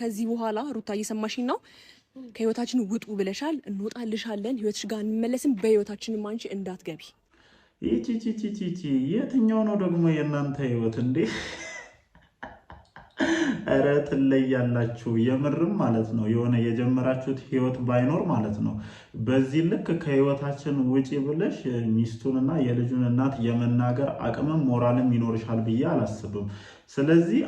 ከዚህ በኋላ ሩታ እየሰማሽኝ ነው፣ ከህይወታችን ውጡ ብለሻል። እንወጣልሻለን፣ ህይወትሽ ጋር እንመለስም። በህይወታችንም አንቺ እንዳትገቢ። ይቺቺቺቺቺ የትኛው ነው ደግሞ የእናንተ ህይወት እንዴ? እረ ትለያላችሁ፣ የምርም ማለት ነው። የሆነ የጀመራችሁት ህይወት ባይኖር ማለት ነው። በዚህ ልክ ከህይወታችን ውጪ ብለሽ ሚስቱንና የልጁን እናት የመናገር አቅምም ሞራልም ይኖርሻል ብዬ አላስብም። ስለዚህ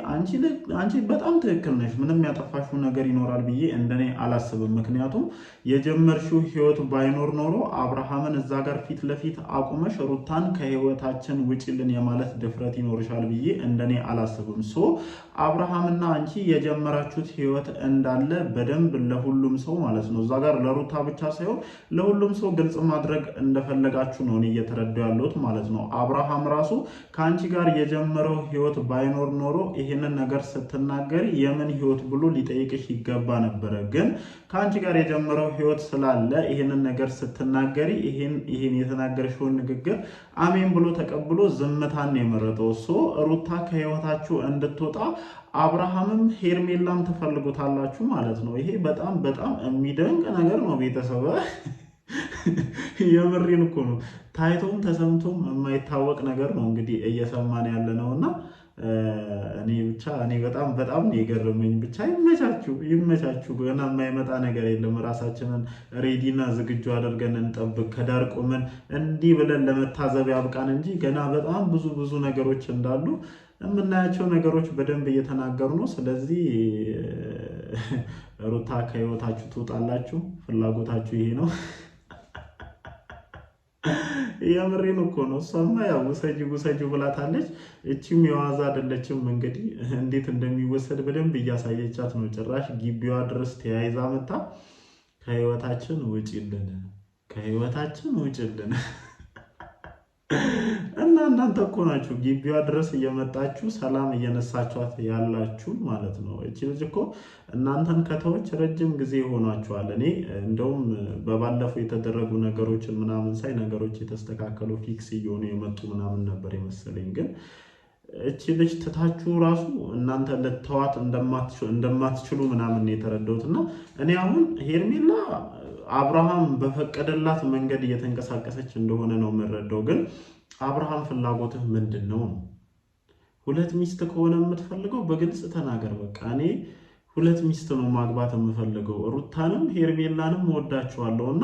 አንቺ በጣም ትክክል ነሽ። ምንም ያጠፋሽው ነገር ይኖራል ብዬ እንደኔ አላስብም። ምክንያቱም የጀመርሽው ህይወት ባይኖር ኖሮ አብርሃምን እዛ ጋር ፊት ለፊት አቁመሽ ሩታን ከህይወታችን ውጭልን የማለት ድፍረት ይኖርሻል ብዬ እንደኔ አላስብም። ሶ አብርሃምና አንቺ የጀመራችሁት ህይወት እንዳለ በደንብ ለሁሉም ሰው ማለት ነው እዛ ጋር ለሩታ ብቻ ሳይሆን ለሁሉም ሰው ግልጽ ማድረግ እንደፈለጋችሁ ነው እየተረዳሁ ያለሁት ማለት ነው። አብርሃም ራሱ ከአንቺ ጋር የጀመረው ህይወት ባይኖር ብትኖር ኖሮ ይህንን ነገር ስትናገሪ የምን ህይወት ብሎ ሊጠይቅሽ ይገባ ነበረ። ግን ከአንቺ ጋር የጀመረው ህይወት ስላለ ይህንን ነገር ስትናገሪ ይህን የተናገርሽውን ንግግር አሜን ብሎ ተቀብሎ ዝምታን የመረጠው ሶ ሩታ ከህይወታችሁ እንድትወጣ አብርሃምም ሄርሜላም ትፈልጉታላችሁ ማለት ነው። ይሄ በጣም በጣም የሚደንቅ ነገር ነው ቤተሰብ የምሬን እኮ ነው። ታይቶም ተሰምቶም የማይታወቅ ነገር ነው እንግዲህ እየሰማን ያለ እና እኔ ብቻ እኔ በጣም በጣም የገረመኝ ብቻ ይመቻችሁ ይመቻችሁ። ገና የማይመጣ ነገር የለም። ራሳችንን ሬዲና ዝግጁ አድርገን እንጠብቅ። ከዳር ቆመን እንዲህ ብለን ለመታዘብ ያብቃን እንጂ ገና በጣም ብዙ ብዙ ነገሮች እንዳሉ የምናያቸው ነገሮች በደንብ እየተናገሩ ነው። ስለዚህ ሩታ ከህይወታችሁ ትውጣላችሁ። ፍላጎታችሁ ይሄ ነው። የምሬን እኮ ነው። እሷማ ያው ውሰጂ ውሰጂ ብላታለች። እቺም የዋዛ አይደለችም። እንግዲህ እንዴት እንደሚወሰድ በደንብ እያሳየቻት ነው። ጭራሽ ግቢዋ ድረስ ተያይዛ መታ ከህይወታችን ውጭልን፣ ከህይወታችን ውጭልን እና እናንተ እኮ ናችሁ ግቢዋ ድረስ እየመጣችሁ ሰላም እየነሳችኋት ያላችሁ ማለት ነው። እቺ ልጅ እኮ እናንተን ከተዎች ረጅም ጊዜ ሆኗችኋል። እኔ እንደውም በባለፈው የተደረጉ ነገሮችን ምናምን ሳይ ነገሮች የተስተካከሉ ፊክስ እየሆኑ የመጡ ምናምን ነበር የመሰለኝ ግን እቺ ልጅ ትታችሁ ራሱ እናንተ ልተዋት እንደማትችሉ ምናምን የተረዳሁት እና እኔ አሁን ሄርሜላ አብርሃም በፈቀደላት መንገድ እየተንቀሳቀሰች እንደሆነ ነው የምረዳው ግን አብርሃም ፍላጎትህ ምንድን ነው? ሁለት ሚስት ከሆነ የምትፈልገው በግልጽ ተናገር። በቃ እኔ ሁለት ሚስት ነው ማግባት የምፈልገው፣ ሩታንም ሄርሜላንም ወዳቸዋለሁ እና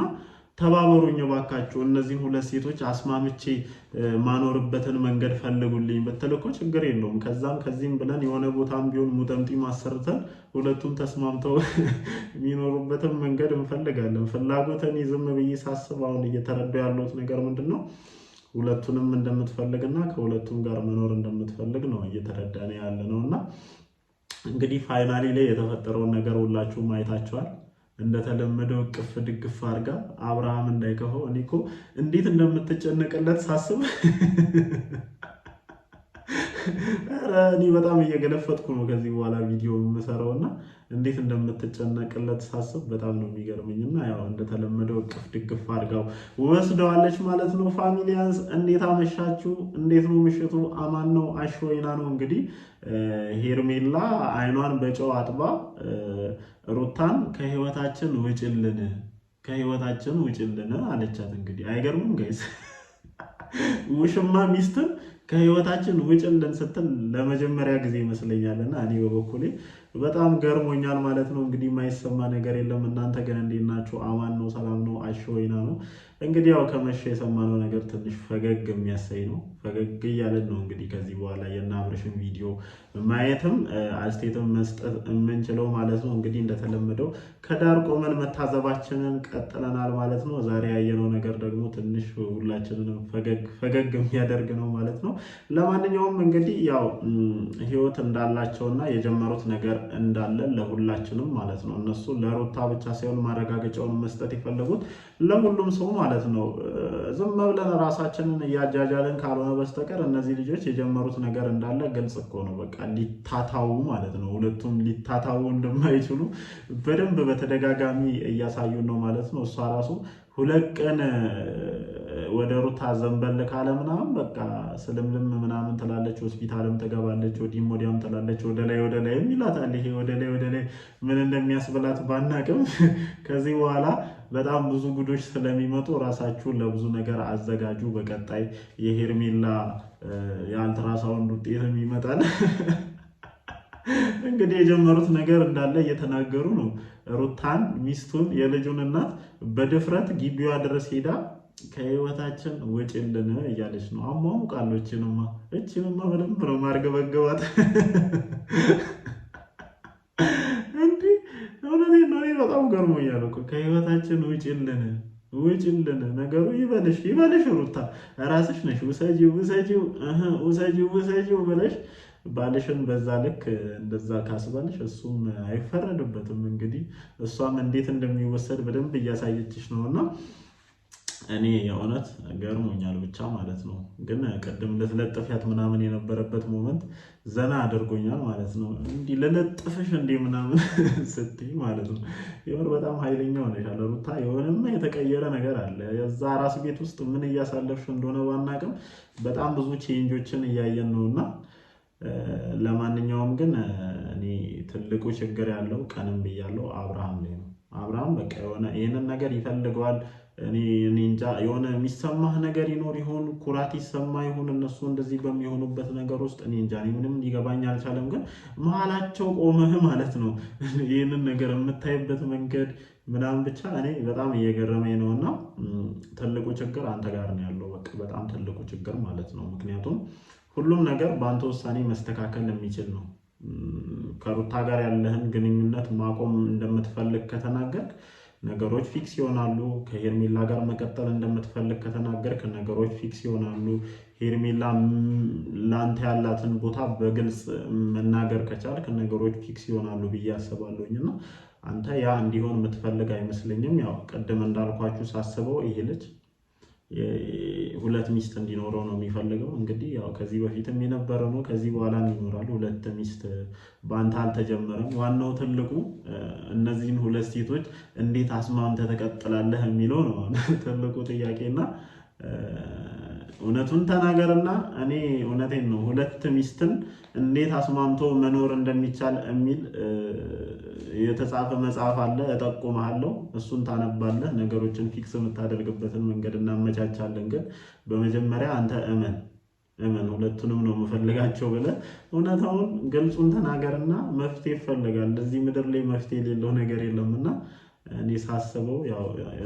ተባበሩኝ ባካችሁ፣ እነዚህን ሁለት ሴቶች አስማምቼ ማኖርበትን መንገድ ፈልጉልኝ ብትል እኮ ችግር የለውም። ከዛም ከዚህም ብለን የሆነ ቦታም ቢሆን ሙጠምጢም አሰርተን ሁለቱም ተስማምተው የሚኖሩበትን መንገድ እንፈልጋለን። ፍላጎትን ዝም ብዬ ሳስብ አሁን እየተረዳ ያለሁት ነገር ምንድን ነው ሁለቱንም እንደምትፈልግና ከሁለቱም ጋር መኖር እንደምትፈልግ ነው እየተረዳን ያለ ነው። እና እንግዲህ ፋይናሊ ላይ የተፈጠረውን ነገር ሁላችሁም አይታችኋል። እንደተለመደው ቅፍ ድግፍ አድርጋ አብርሃም እንዳይከፈው እኔ እኮ እንዴት እንደምትጨነቅለት ሳስብ እኔ በጣም እየገለፈጥኩ ነው ከዚህ በኋላ ቪዲዮ የምሰራው እና እንዴት እንደምትጨነቅለት ሳስብ በጣም ነው የሚገርምኝ። እና ያው እንደተለመደው እቅፍ ድግፍ አድርጋው ወስደዋለች ማለት ነው። ፋሚሊያንስ እንዴት አመሻችሁ? እንዴት ነው ምሽቱ? አማን ነው አሽወይና ነው እንግዲህ ሄርሜላ አይኗን በጨው አጥባ ሩታን ከህይወታችን ውጭልን፣ ከህይወታችን ውጭልን አለቻት። እንግዲህ አይገርምም ጋይስ ውሽማ ሚስትን ከህይወታችን ውጭልን ስትል ለመጀመሪያ ጊዜ ይመስለኛል እና እኔ በበኩሌ በጣም ገርሞኛል ማለት ነው። እንግዲህ የማይሰማ ነገር የለም። እናንተ ግን እንዴት ናችሁ? አማን ነው፣ ሰላም ነው፣ አሸወይና ነው። እንግዲህ ያው ከመሸ የሰማነው ነገር ትንሽ ፈገግ የሚያሳይ ነው። ፈገግ እያለን ነው እንግዲህ ከዚህ በኋላ የእነ አብርሽን ቪዲዮ ማየትም አስቴትም መስጠት የምንችለው ማለት ነው። እንግዲህ እንደተለመደው ከዳር ቆመን መታዘባችንን ቀጥለናል ማለት ነው። ዛሬ ያየነው ነገር ደግሞ ትንሽ ሁላችንንም ፈገግ ፈገግ የሚያደርግ ነው ማለት ነው። ለማንኛውም እንግዲህ ያው ህይወት እንዳላቸውና የጀመሩት ነገር እንዳለ ለሁላችንም ማለት ነው። እነሱ ለሩታ ብቻ ሳይሆን ማረጋገጫውን መስጠት የፈለጉት ለሁሉም ሰው ማለት ነው። ዝም ብለን ራሳችንን እያጃጃልን ካልሆነ በስተቀር እነዚህ ልጆች የጀመሩት ነገር እንዳለ ግልጽ እኮ ነው። በቃ ሊታታው ማለት ነው። ሁለቱም ሊታታው እንደማይችሉ በደንብ በተደጋጋሚ እያሳዩን ነው ማለት ነው። እሷ ራሱ ሁለት ቀን ወደ ሩታ ዘንበል ካለ ምናምን በቃ ስልምልም ምናምን ትላለች፣ ሆስፒታልም ትገባለች፣ ወዲህም ወዲያም ትላለች፣ ወደ ላይ ወደ ላይም ይሄ ወደ ላይ ወደ ላይ ምን እንደሚያስብላት ባናቅም ከዚህ በኋላ በጣም ብዙ ጉዶች ስለሚመጡ ራሳችሁን ለብዙ ነገር አዘጋጁ። በቀጣይ የሄርሜላ የአልትራሳውንድ ውጤትም ይመጣል። እንግዲህ የጀመሩት ነገር እንዳለ እየተናገሩ ነው። ሩታን ሚስቱን የልጁን እናት በድፍረት ግቢዋ ድረስ ሄዳ ከህይወታችን ውጭ እንድን እያለች ነው። አሟሙቃለሁ። እችንማ እችንማ በደንብ ነው ማርገበገባት። እንዲህ እውነቴን ነው። በጣም ገርሞኛል እኮ ከህይወታችን ውጭ እንድን ውጭ እንድን ነገሩ ይበልሽ ይበልሽ። ሩታ ራስሽ ነሽ ውሰጂው ውሰጂው ውሰጂው ውሰጂው ብለሽ ባልሽን በዛ ልክ እንደዛ ካስባልሽ እሱም አይፈረድበትም። እንግዲህ እሷም እንዴት እንደሚወሰድ በደንብ እያሳየችሽ ነው እና እኔ የእውነት ገርሞኛል ብቻ ማለት ነው። ግን ቅድም ልትለጥፊያት ምናምን የነበረበት ሞመንት ዘና አድርጎኛል ማለት ነው። እንዲህ ልለጥፍሽ እንዲህ ምናምን ስትይ ማለት ነው የሆነ በጣም ኃይለኛ ሆነሻል ሩታ። የሆነም የተቀየረ ነገር አለ። የዛ ራስ ቤት ውስጥ ምን እያሳለፍሽ እንደሆነ ባናቅም በጣም ብዙ ቼንጆችን እያየን ነው እና ለማንኛውም ግን እኔ ትልቁ ችግር ያለው ቀንም ብያለው አብርሃም ላይ ነው አብርሃም በቃ የሆነ ይህንን ነገር ይፈልገዋል። እኔ እንጃ የሆነ የሚሰማህ ነገር ይኖር ይሆን? ኩራት ይሰማ ይሆን? እነሱ እንደዚህ በሚሆኑበት ነገር ውስጥ እኔ እንጃ፣ ምንም ሊገባኝ አልቻለም። ግን መሀላቸው ቆመህ ማለት ነው ይህንን ነገር የምታይበት መንገድ ምናምን ብቻ እኔ በጣም እየገረመኝ ነው። እና ትልቁ ችግር አንተ ጋር ነው ያለው፣ በቃ በጣም ትልቁ ችግር ማለት ነው። ምክንያቱም ሁሉም ነገር በአንተ ውሳኔ መስተካከል የሚችል ነው። ከሩታ ጋር ያለህን ግንኙነት ማቆም እንደምትፈልግ ከተናገርክ ነገሮች ፊክስ ይሆናሉ። ከሄርሜላ ጋር መቀጠል እንደምትፈልግ ከተናገርክ ነገሮች ፊክስ ይሆናሉ። ሄርሜላ ለአንተ ያላትን ቦታ በግልጽ መናገር ከቻልክ ነገሮች ፊክስ ይሆናሉ ብዬ አስባለሁኝ እና አንተ ያ እንዲሆን የምትፈልግ አይመስለኝም። ያው ቅድም እንዳልኳችሁ ሳስበው ይሄ ልጅ ሁለት ሚስት እንዲኖረው ነው የሚፈልገው። እንግዲህ ያው ከዚህ በፊትም የነበረ ነው፣ ከዚህ በኋላም ይኖራል። ሁለት ሚስት በአንተ አልተጀመረም። ዋናው ትልቁ እነዚህን ሁለት ሴቶች እንዴት አስማምተህ ትቀጥላለህ የሚለው ነው ትልቁ ጥያቄና እውነቱን ተናገርና እኔ እውነቴን ነው ሁለት ሚስትን እንዴት አስማምቶ መኖር እንደሚቻል የሚል የተጻፈ መጽሐፍ አለ፣ እጠቁምሃለሁ። እሱን ታነባለህ። ነገሮችን ፊክስ የምታደርግበትን መንገድ እናመቻቻለን። ግን በመጀመሪያ አንተ እመን እመን፣ ሁለቱንም ነው የምፈልጋቸው ብለህ እውነታውን ግልጹን ተናገርና መፍትሄ ይፈልጋል። እዚህ ምድር ላይ መፍትሄ የሌለው ነገር የለምና እኔ ሳስበው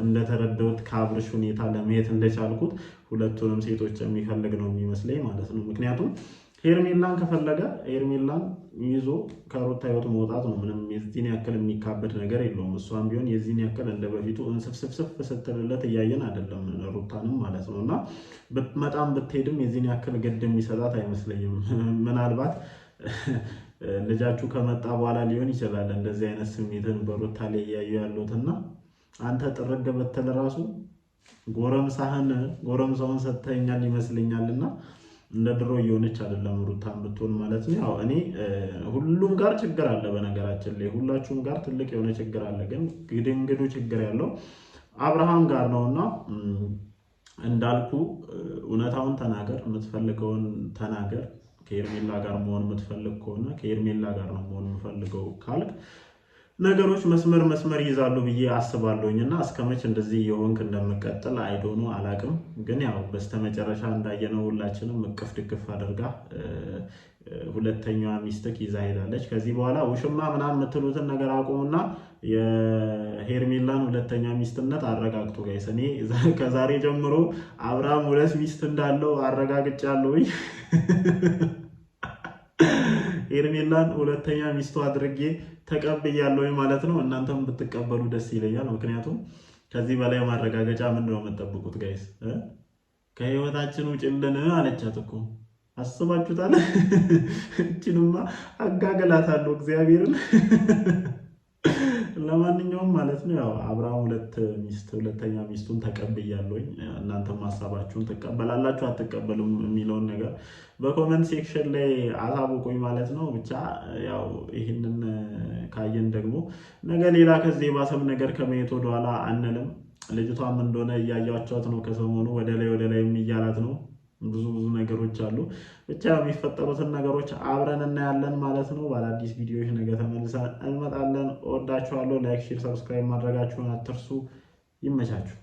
እንደተረዳሁት ከአብርሽ ሁኔታ ለመሄድ እንደቻልኩት ሁለቱንም ሴቶች የሚፈልግ ነው የሚመስለኝ ማለት ነው። ምክንያቱም ሄርሜላን ከፈለገ ሄርሜላን ይዞ ከሩታ ህይወት መውጣት ነው። ምንም የዚህን ያክል የሚካበድ ነገር የለውም። እሷም ቢሆን የዚህን ያክል እንደ በፊቱ እንስፍስፍስፍ ስትልለት እያየን አይደለም፣ ሩታንም ማለት ነው። እና በጣም ብትሄድም የዚህን ያክል ግድ የሚሰጣት አይመስለኝም ምናልባት ልጃችሁ ከመጣ በኋላ ሊሆን ይችላል እንደዚህ አይነት ስሜትን በሩታ ላይ እያዩ ያሉትና አንተ ጥርግ ገበተል ራሱ ጎረምሳህን ጎረምሳውን ሰጥተኛል እና እንደ ድሮ እየሆነች አይደለም ሩታ ብትሆን ማለት ነው። ያው እኔ ሁሉም ጋር ችግር አለ፣ በነገራችን ላይ ሁላችሁም ጋር ትልቅ የሆነ ችግር አለ። ግን ግድንግዱ ችግር ያለው አብርሃም ጋር ነው እና እንዳልኩ እውነታውን ተናገር፣ የምትፈልገውን ተናገር። ከኤርሜላ ጋር መሆን የምትፈልግ ከሆነ ከኤርሜላ ጋር ነው መሆን የምፈልገው ካልክ ነገሮች መስመር መስመር ይይዛሉ ብዬ አስባለሁኝ እና እስከመች እንደዚህ የሆንክ እንደምቀጥል አይዶኑ አላቅም። ግን ያው በስተመጨረሻ እንዳየነው ሁላችንም እቅፍ ድግፍ አድርጋ ሁለተኛዋ ሚስትክ ይዛ ሄዳለች። ከዚህ በኋላ ውሽማ ምናምን የምትሉትን ነገር አቁሙና የሄርሜላን ሁለተኛ ሚስትነት አረጋግጡ ጋይስ። እኔ ከዛሬ ጀምሮ አብርሃም ሁለት ሚስት እንዳለው አረጋግጫለሁ። ሄርሜላን ሁለተኛ ሚስቱ አድርጌ ተቀብያለሁ ማለት ነው። እናንተም ብትቀበሉ ደስ ይለኛል። ምክንያቱም ከዚህ በላይ ማረጋገጫ ምንድነው የምጠብቁት ጋይስ? ከህይወታችን ውጭልን አለቻት እኮ አስባችሁታል? እችንማ አጋገላታለሁ እግዚአብሔርን። ለማንኛውም ማለት ነው ያው አብርሃም ሁለት ሚስት ሁለተኛ ሚስቱን ተቀብያለሁኝ። እናንተም ሀሳባችሁን ትቀበላላችሁ አትቀበሉም የሚለውን ነገር በኮመንት ሴክሽን ላይ አሳውቁኝ ማለት ነው። ብቻ ያው ይህንን ካየን ደግሞ ነገ ሌላ ከዚህ የባሰብ ነገር ከመሄድ ወደኋላ አንልም። ልጅቷም እንደሆነ እያያቸዋት ነው። ከሰሞኑ ወደ ላይ ወደ ላይም እያላት ነው ብዙ ብዙ ነገሮች አሉ። ብቻ የሚፈጠሩትን ነገሮች አብረን እናያለን ማለት ነው። በአዳዲስ ቪዲዮዎች ነገ ተመልሰን እንመጣለን። እወዳችኋለሁ። ላይክ፣ ሼር፣ ሰብስክራይብ ማድረጋችሁን አትርሱ። ይመቻችሁ።